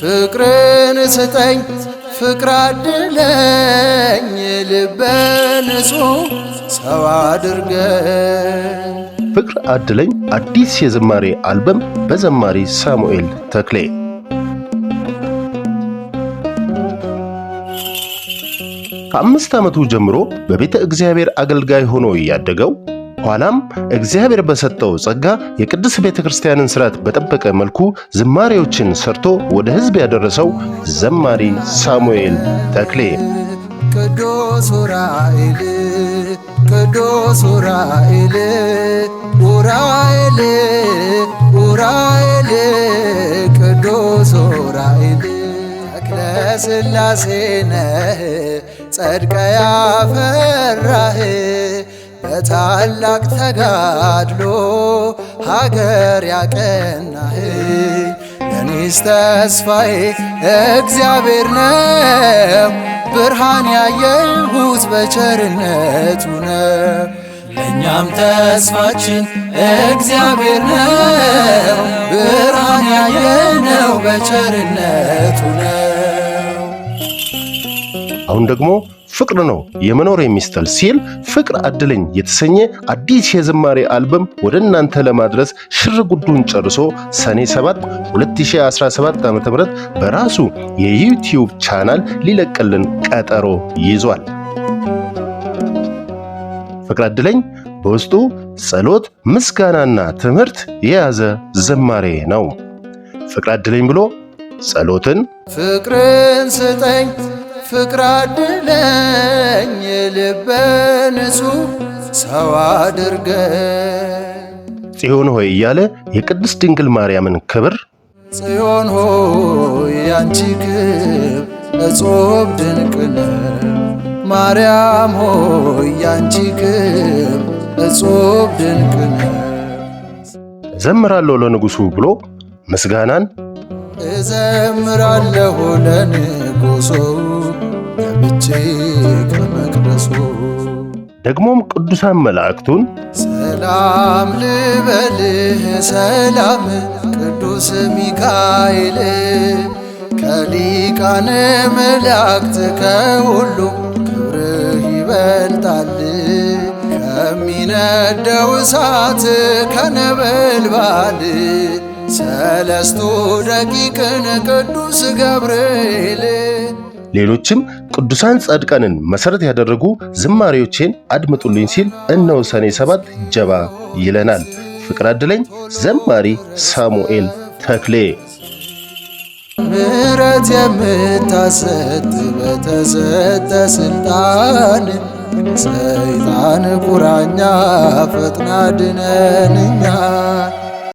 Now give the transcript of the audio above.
ፍቅርን ስጠኝ ፍቅር አድለኝ ልቤን ንጹህ ሰው አድርገኝ። ፍቅር አድለኝ አዲስ የዝማሬ አልበም በዘማሪ ሳሙኤል ተክሌ። ከአምስት ዓመቱ ጀምሮ በቤተ እግዚአብሔር አገልጋይ ሆኖ ያደገው ኋላም እግዚአብሔር በሰጠው ጸጋ የቅድስት ቤተ ክርስቲያንን ስርዓት በጠበቀ መልኩ ዝማሬዎችን ሰርቶ ወደ ሕዝብ ያደረሰው ዘማሪ ሳሙኤል ተክሌ ቅዱስ ኡራኤል ኡራኤል ኡራኤል ቅዱስ ኡራኤል ተክለ ነህ ጸድቀ ያፈራህ በታላቅ ተጋድሎ ሀገር ያቀና ለኔስ ተስፋዬ እግዚአብሔር ነው። ብርሃን ያየሁት በቸርነቱ ነው። ለእኛም ተስፋችን እግዚአብሔር ነው። ብርሃን ያየነው በቸርነቱ ነው። አሁን ደግሞ ፍቅር ነው የመኖር የሚስጠል ሲል ፍቅር አድለኝ የተሰኘ አዲስ የዝማሬ አልበም ወደ እናንተ ለማድረስ ሽር ጉዱን ጨርሶ ሰኔ 7 2017 ዓ.ም በራሱ የዩቲዩብ ቻናል ሊለቅልን ቀጠሮ ይዟል። ፍቅር አድለኝ በውስጡ ጸሎት፣ ምስጋናና ትምህርት የያዘ ዝማሬ ነው። ፍቅር አድለኝ ብሎ ጸሎትን ፍቅርን ስጠኝ ፍቅር አድለኝ ልበ ንጹሕ ሰው አድርገ ጽዮን ሆይ እያለ የቅድስት ድንግል ማርያምን ክብር ጽዮን ሆይ ያንቺ ክብ እጹብ ድንቅ ነው። ማርያም ሆይ ያንቺ ክብር እጹብ ድንቅ ነው። እዘምራለሁ ለንጉሡ ብሎ ምስጋናን እዘምራለሁ ለንጉሡ ከመቅደሱ ደግሞም ቅዱሳን መላእክቱን ሰላም ልበልህ ሰላም ቅዱስ ሚካኤል ከሊቃነ መላእክት ከሁሉ ክብርህ ይበልጣል ከሚነደው እሳት ከነበልባል ሰለስቱ ደቂቅን ቅዱስ ገብርኤል ሌሎችም ቅዱሳን ጻድቃንን መሰረት ያደረጉ ዝማሬዎቼን አድምጡልኝ ሲል እነሆ ሰኔ ሰባት ጀባ ይለናል። ፍቅር አድለኝ ዘማሪ ሳሙኤል ተክሌ ምረት የምታሰጥ በተሰጠ ስልጣን ሰይጣን ቁራኛ ፈጥና ድነንኛ